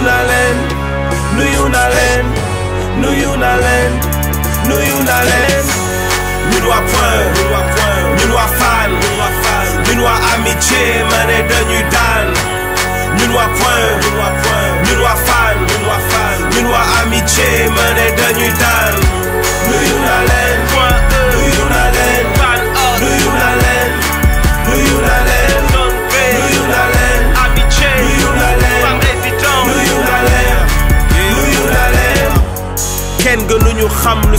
nuyu naa leen nuyu naa leen nuyu naa leen nuyu naa leen ñun waa Point ñun waa Fann ñun waa amitié ma ne dañuy daan ñun waa Point ñun waa Fann ñun waa amitié ma ne dañuy daan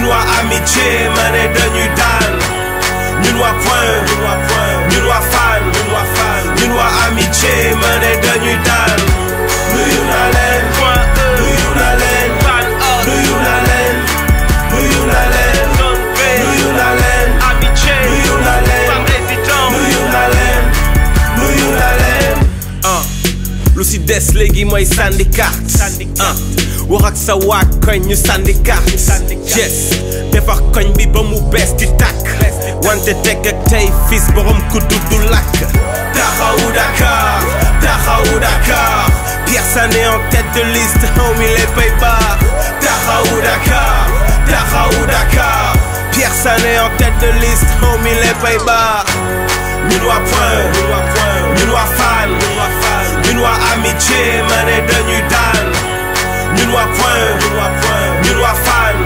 ñun waa amitié ma ne dañuy daan lu si des léegi mooy sànni carte ah, wax ak sa waa koñ ñu sànni carte yes defar koñ bi ba mu bees di tàkk wante teg ak tey fils borom ku du làkk taxawu Dakar taxawu Dakar Pierre en tête de liste homie les pays taxawu Dakar taxawu Dakar Pierre en tête de liste homie les pays ñun waa amitié ma ne dañuy daan ñun